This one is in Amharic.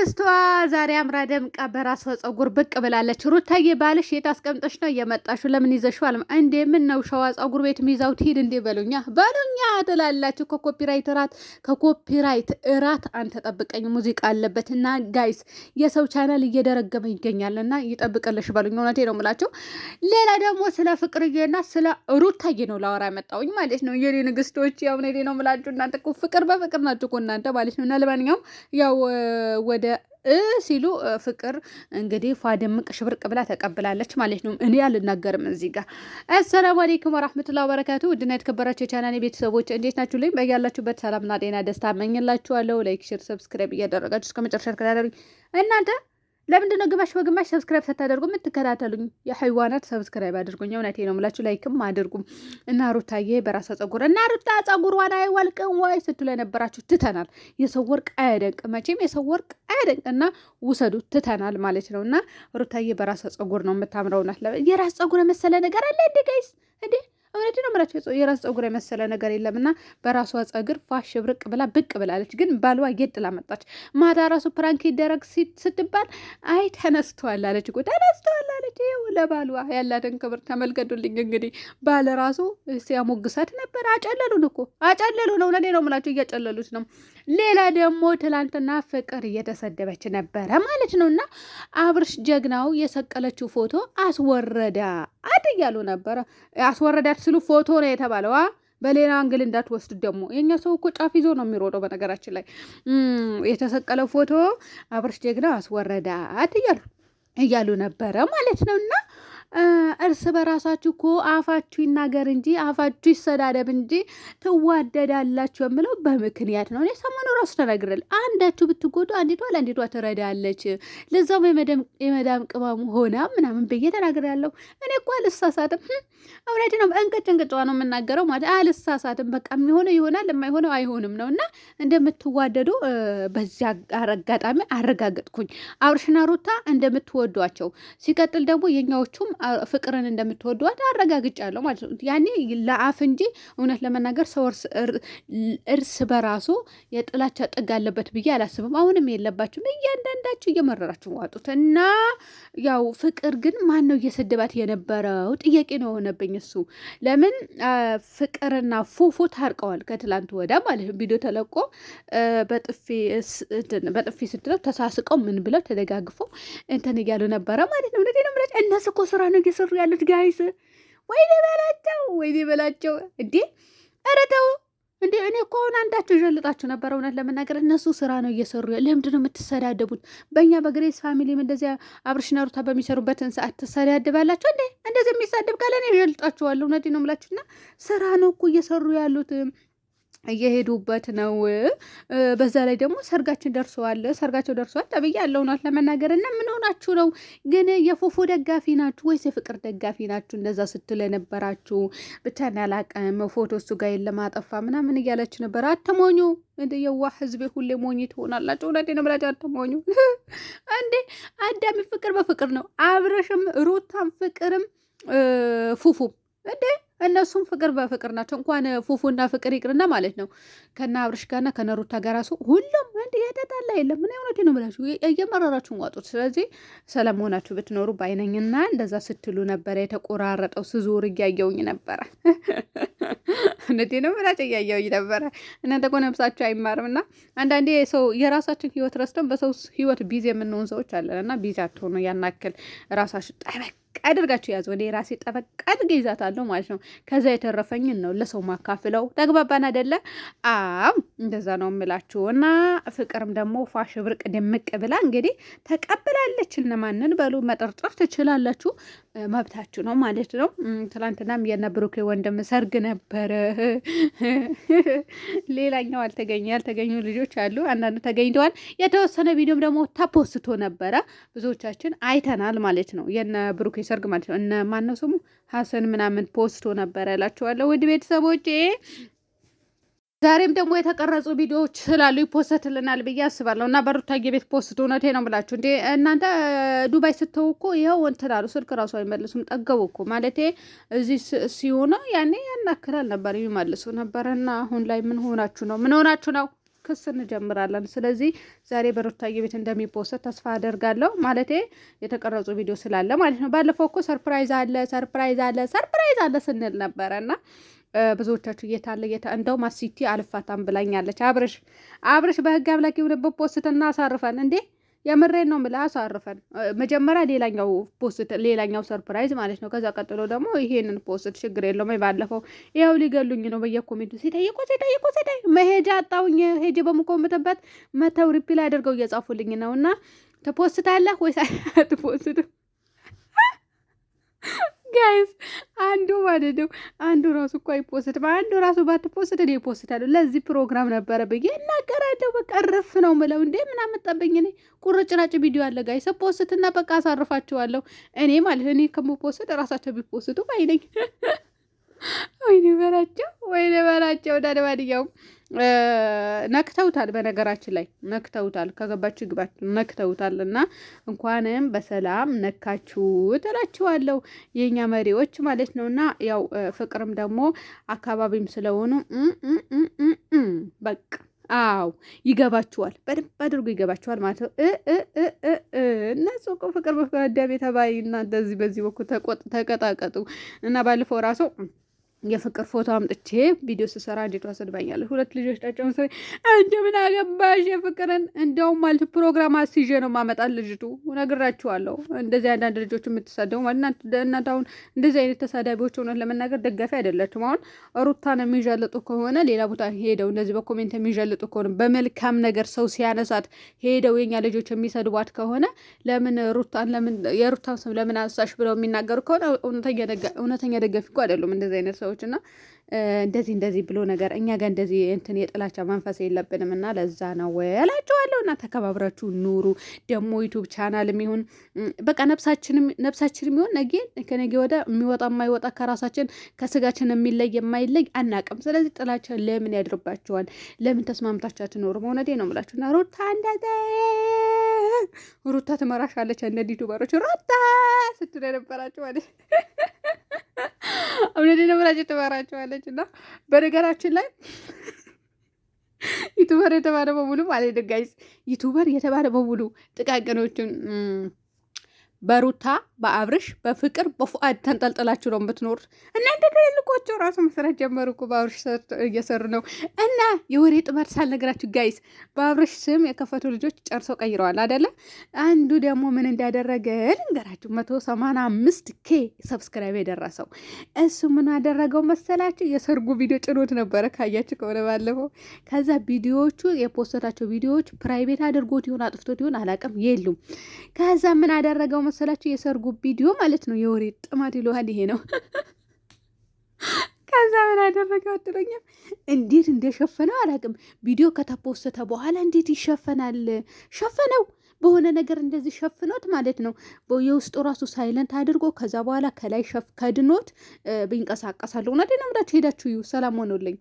ንግስቷ ዛሬ አምራ ደምቃ በራሷ ፀጉር ብቅ ብላለች። ሩታዬ ባልሽ የት አስቀምጠሽ ነው የመጣሹ? ለምን አለም እንዴ? ምን ነው ሸዋ ፀጉር ቤት ሚዛው ትሄድ እንዴ? በሉኛ በሉኛ ትላላችሁ። ከኮፒራይት እራት ከኮፒራይት እራት አንተ ጠብቀኝ ሙዚቃ አለበት እና ጋይስ የሰው ቻናል እየደረገመ ይገኛል እና ይጠብቅልሽ በሉኛ። እውነቴ ነው የምላቸው። ሌላ ደግሞ ስለ ፍቅርዬና ስለ ሩታዬ ነው ላወራ መጣውኝ ማለት ነው። የኔ ንግስቶች ያው ነው ነው የምላችሁ። እናንተ ፍቅር በፍቅር ናችሁ እኮ እናንተ ማለት ነው። እና ለማንኛውም ያው ወደ ሲሉ ፍቅር እንግዲህ ፏደምቅ ሽብርቅ ብላ ተቀብላለች ማለት ነው። እኔ አልናገርም እዚህ ጋር። አሰላሙ አሌይኩም ወራህመቱላ ወበረካቱ ውድና የተከበራቸው የቻናኔ ቤተሰቦች እንዴት ናችሁ? ልኝ በያላችሁበት ሰላምና ጤና ደስታ መኝላችኋለሁ። ላይክ፣ ሽር፣ ሰብስክራይብ እያደረጋችሁ እስከ መጨረሻ እናንተ ለምንድነው ግማሽ በግማሽ ሰብስክራይብ ስታደርጉ የምትከታተሉኝ? የሀይዋናት ሰብስክራይብ አድርጉኝ። እውነቴ ነው ምላችሁ፣ ላይክም አድርጉም እና ሩታዬ በራሷ ጸጉር እና ሩታ ፀጉሯን አይወልቅም ወይ ስትሉ የነበራችሁ ትተናል። የሰው ወርቅ አያደንቅ መቼም፣ የሰው ወርቅ አያደንቅ እና ውሰዱ ትተናል ማለት ነው። እና ሩታዬ በራሷ ፀጉር ነው የምታምረውናት። የራስ ፀጉር የመሰለ ነገር አለ እንዴ ጋይስ እንዴ! እውነት ነው የምላቸው የራስ ፀጉር የመሰለ ነገር የለምና እና በራሷ ፀጉር ፋሽ ብርቅ ብላ ብቅ ብላለች። ግን ባልዋ ጌጥ ላመጣች ማታ ራሱ ፕራንክ ይደረግ ስትባል አይ ተነስተዋል አለች እኮ ተነስተዋል አለች። ይኸው ለባልዋ ያላትን ክብር ተመልከቱልኝ። እንግዲህ ባል ራሱ ሲያሞግሳት ነበር። አጨለሉን እኮ አጨለሉን። እውነቴ ነው የምላቸው እያጨለሉት ነው። ሌላ ደግሞ ትላንትና ፍቅር እየተሰደበች ነበረ ማለት ነው። እና አብርሽ ጀግናው የሰቀለችው ፎቶ አስወረዳ አድ እያሉ ነበረ አስወረዳት አትስሉ ፎቶ ነው የተባለው። በሌላ አንግል እንዳትወስድ ደግሞ የእኛ ሰው እኮ ጫፍ ይዞ ነው የሚሮጠው። በነገራችን ላይ የተሰቀለው ፎቶ አብርሽ ጀግና አስወረዳት እያሉ እያሉ ነበረ ማለት ነው እና እርስ በራሳችሁ እኮ አፋችሁ ይናገር እንጂ አፋችሁ ይሰዳደብ እንጂ ትዋደዳላችሁ የምለው በምክንያት ነው። እኔ ሰሞኑ ራሱ ተነግረል አንዳችሁ ብትጎዱ አንዲቷ ለአንዲቷ ትረዳለች። ለዛም የመዳም ቅመም ሆና ምናምን ብዬ ተናግራለሁ። እኔ እኮ አልሳሳትም። እውነት ነው። እንቅጭ እንቅጫ ነው የምናገረው ማለት አልሳሳትም። በቃ የሚሆነው ይሆናል፣ የማይሆነው አይሆንም ነው እና እንደምትዋደዱ በዚያ አጋጣሚ አረጋገጥኩኝ። አብርሽና ሩታ እንደምትወዷቸው ሲቀጥል ደግሞ የኛዎቹም ፍቅርን እንደምትወደዋት አረጋግጫለሁ ማለት ነው። ያኔ ለአፍ እንጂ እውነት ለመናገር ሰው እርስ በራሱ የጥላቻ ጥግ አለበት ብዬ አላስብም። አሁንም የለባችሁም። እያንዳንዳችሁ እየመረራችሁ ዋጡት እና ያው ፍቅር ግን ማን ነው እየሰደባት የነበረው ጥያቄ ነው የሆነብኝ። እሱ ለምን ፍቅርና ፉፉ ታርቀዋል ከትላንት ወዳ ማለት ቪዲዮ ተለቆ በጥፊ ስትለው ተሳስቀው ምን ብለው ተደጋግፎ እንትን እያሉ ነበረ ማለት ነው። እነሱ እኮ ስራ ነው እየሰሩ ያሉት ጋይስ። ወይኔ በላቸው፣ ወይኔ በላቸው። እንዴ ኧረ ተው እንዴ! እኔ እኮ አሁን አንዳቸው ይዠልጣችሁ ነበር። እውነት ለመናገር እነሱ ስራ ነው እየሰሩ። ለምንድን ነው የምትሰዳደቡት? በእኛ በግሬስ ፋሚሊም እንደዚያ አብርሽና ሩታ በሚሰሩበትን ሰዓት ትሰዳደባላችሁ እንዴ? እንደዚህ የሚሳደብ ካለ እኔ ይዠልጣችኋለሁ። እውነቴን ነው የምላችሁና ስራ ነው እኮ እየሰሩ ያሉት። እየሄዱበት ነው። በዛ ላይ ደግሞ ሰርጋችን ደርሰዋል፣ ሰርጋቸው ደርሰዋል ተብዬ ያለውናት ለመናገር እና ምን ሆናችሁ ነው ግን የፎፎ ደጋፊ ናችሁ ወይስ የፍቅር ደጋፊ ናችሁ? እንደዛ ስትል የነበራችሁ ብቻን ያላቀም ፎቶ እሱ ጋር ለማጠፋ ምናምን እያለች ነበር። አትሞኙ እንደ የዋ ህዝቤ፣ ሁሌ ሞኝ ትሆናላችሁ። ነው ነብላቸ አትሞኙ እንዴ አዳሚ። ፍቅር በፍቅር ነው። አብረሽም ሩታም ፍቅርም ፉፉም እንዴ እነሱም ፍቅር በፍቅር ናቸው። እንኳን ፉፉና ፍቅር ይቅርና ማለት ነው ከነ አብርሽ ጋርና ከነ ሩታ ጋር ራሱ ሁሉም እንዲ የተጣላ የለም። ምን እውነቴ ነው ብላችሁ እየመረራችሁን ዋጡት። ስለዚህ ሰላም ሆናችሁ ብትኖሩ ባይነኝና እንደዛ ስትሉ ነበረ። የተቆራረጠው ስዙር እያየውኝ ነበረ። እንዴት ነው ብላችሁ እያየውኝ ነበረ። እናንተ እኮ ነብሳችሁ አይማርም። እና አንዳንዴ ሰው የራሳችን ህይወት ረስተን በሰው ህይወት ቢዚ የምንሆን ሰዎች አለን እና ቢዚ አትሆኑ ያናክል ራሳችሁ ጠበቅ ጠበቅ አድርጋችሁ ያዝ። ወደ ራሴ ጠበቅ አድርጌ ይዛታለሁ ማለት ነው። ከዛ የተረፈኝን ነው ለሰው ማካፍለው። ተግባባን አይደለ? አዎ እንደዛ ነው የምላችሁ። እና ፍቅርም ደግሞ ፋሽ ብርቅ ድምቅ ብላ እንግዲህ ተቀብላለች። እነማንን በሉ መጠርጠር ትችላላችሁ። መብታችሁ ነው ማለት ነው። ትላንትናም የነ ብሩክ ወንድም ሰርግ ነበረ። ሌላኛው አልተገኘ ያልተገኙ ልጆች አሉ። አንዳንዱ ተገኝተዋል። የተወሰነ ቪዲዮም ደግሞ ተፖስቶ ነበረ። ብዙዎቻችን አይተናል ማለት ነው። የነ ሰርግ ማለት ነው። እነ ማነው ስሙ ሀሰን ምናምን ፖስቶ ነበረ እላችኋለሁ ውድ ቤተሰቦቼ ዛሬም ደግሞ የተቀረጹ ቪዲዮዎች ስላሉ ይፖስትልናል ብዬ አስባለሁ እና በሩታዬ ቤት ፖስት፣ እውነቴ ነው ብላችሁ እንዴ እናንተ ዱባይ ስተው እኮ ይኸው እንትን አሉ። ስልክ ራሱ አይመልሱም። ጠገቡ እኮ ማለቴ እዚህ ሲሆነ ያኔ ያናክላል ነበር የሚመልሱ ነበር። እና አሁን ላይ ምን ሆናችሁ ነው? ምን ሆናችሁ ነው? ክስ እንጀምራለን። ስለዚህ ዛሬ በሩታዬ ቤት እንደሚፖስት ተስፋ አደርጋለሁ። ማለቴ የተቀረጹ ቪዲዮ ስላለ ማለት ነው። ባለፈው እኮ ሰርፕራይዝ አለ፣ ሰርፕራይዝ አለ፣ ሰርፕራይዝ አለ ስንል ነበረ እና ብዙዎቻችሁ እየታለ ጌታ እንደው ማሲቲ አልፋታም ብላኛለች። አብረሽ አብረሽ በህግ አምላኪ የሆነበት ፖስትና አሳርፈን እንዴ የምሬን ነው ምላ አሳርፈን መጀመሪያ ሌላኛው ፖስት ሌላኛው ሰርፕራይዝ ማለት ነው። ከዛ ቀጥሎ ደግሞ ይሄንን ፖስት ችግር የለውም። ባለፈው ይኸው ሊገሉኝ ነው በየኮሜንቱ ሲጠይቁ ሲጠይቁ ሲጠይቁ መሄጃ አጣውኝ ሄጄ በምኮምትበት መተው ሪፕል አድርገው እየጻፉልኝ ነው እና ትፖስታለህ ወይስ ትፖስት ጋይስ አንዱ ማለት ነው አንዱ ራሱ እኮ አይፖስትም። አንዱ ራሱ ባትፖስት እኔ እፖስታለሁ። ለዚህ ፕሮግራም ነበረ ብዬ እናገራለሁ። በቃ ርፍ ነው ምለው እንዴ ምን አመጣብኝ እኔ። ቁርጭናጭ ቪዲዮ አለ ጋይስ ፖስትና በቃ አሳርፋችኋለሁ። እኔ ማለት እኔ ከምፖስት ራሳቸው ቢፖስቱ ባይነኝ ወይኔ በላቸው፣ ወይኔ በላቸው። ዳደባድያውም ነክተውታል። በነገራችን ላይ ነክተውታል፣ ከገባችሁ ግባችሁ ነክተውታል። እና እንኳንም በሰላም ነካችሁ እላችኋለሁ የእኛ መሪዎች ማለት ነው። እና ያው ፍቅርም ደግሞ አካባቢም ስለሆኑ በቃ አው ይገባችኋል፣ በደንብ አድርጎ ይገባችኋል ማለት ነው። እነሱ እኮ ፍቅር በፍቅር አዳቤ ተባይ እና እንደዚህ በዚህ በኩል ተቆጥ ተቀጣቀጡ እና ባለፈው ራሱ የፍቅር ፎቶ አምጥቼ ቪዲዮ ስሰራ እንዴት አሰድባኛለች። ሁለት ልጆች ናቸው ሰ እንደ ምን አገባሽ የፍቅርን እንደውም ማለት ፕሮግራም አስይዤ ነው ማመጣት ልጅቱ ነግራችኋለሁ። እንደዚህ አንዳንድ ልጆች የምትሳደቡ ማለት እናንተ አሁን እንደዚህ አይነት ተሳዳቢዎች እውነት ለመናገር ደጋፊ አይደለችም። አሁን ሩታን የሚዣለጡ ከሆነ ሌላ ቦታ ሄደው እንደዚህ በኮሜንት የሚዣለጡ ከሆነ በመልካም ነገር ሰው ሲያነሳት ሄደው የኛ ልጆች የሚሰድቧት ከሆነ ለምን ሩታን ለምን የሩታን ስም ለምን አነሳሽ ብለው የሚናገሩ ከሆነ እውነተኛ ደጋፊ እኮ አይደሉም እንደዚህ አይነት ሰው ሰዎች እና እንደዚህ እንደዚህ ብሎ ነገር እኛ ጋር እንደዚህ እንትን የጥላቻ መንፈስ የለብንም እና ለዛ ነው እላችኋለሁ። እና ተከባብራችሁ ኑሩ። ደግሞ ዩቱብ ቻናል የሚሆን በቃ ነብሳችንም ነብሳችን የሚሆን ነገ ከነገ ወደ የሚወጣ የማይወጣ ከራሳችን ከስጋችን የሚለይ የማይለይ አናቅም። ስለዚህ ጥላቻ ለምን ያድርባቸዋል? ለምን ተስማምታችሁ አትኖሩም? እውነቴ ነው የምላችሁ እና ሩታ እንደዚ ሩታ ትመራሻለች። እነ ዩቱበሮች ሩታ ስትል የነበራችሁ ማለት እምነት የተበላች የተባራቸዋለች እና በነገራችን ላይ ዩቱበር የተባለ በሙሉ ማለት ነው ጋይስ ዩቱበር የተባለ በሙሉ ጥቃቅኖችን በሩታ በአብርሽ በፍቅር በፉአድ ተንጠልጥላችሁ ነው የምትኖሩት። እናንተ ትልልቆቸው ራሱ መስራት ጀመሩ እኮ በአብርሽ እየሰሩ ነው። እና የወሬ ጥመት ሳልነግራችሁ ጋይስ፣ በአብርሽ ስም የከፈቱ ልጆች ጨርሰው ቀይረዋል አደለ? አንዱ ደግሞ ምን እንዳደረገ ልንገራችሁ። መቶ ሰማንያ አምስት ኬ ሰብስክራይብ የደረሰው እሱ ምን አደረገው መሰላችሁ? የሰርጉ ቪዲዮ ጭኖት ነበረ ካያችሁ ከሆነ ባለፈው። ከዛ ቪዲዮዎቹ የፖስተታቸው ቪዲዮዎች ፕራይቬት አድርጎት ይሆን አጥፍቶት ይሆን አላቅም የሉም። ከዛ ምን አደረገው መሰላችሁ? የሰርጉ ቪዲዮ ማለት ነው። የወሬ ጥማት ይለዋል ይሄ ነው። ከዛ ምን አደረገው አትለኛም? እንዴት እንደሸፈነው አላውቅም። ቪዲዮ ከተፖሰተ በኋላ እንዴት ይሸፈናል? ሸፈነው በሆነ ነገር እንደዚህ ሸፍኖት ማለት ነው። የውስጡ ራሱ ሳይለንት አድርጎ ከዛ በኋላ ከላይ ከድኖት ብንቀሳቀሳለሁ። እውነት ነው የምላችሁ። ሄዳችሁ እዩ። ሰላም ሆኖልኝ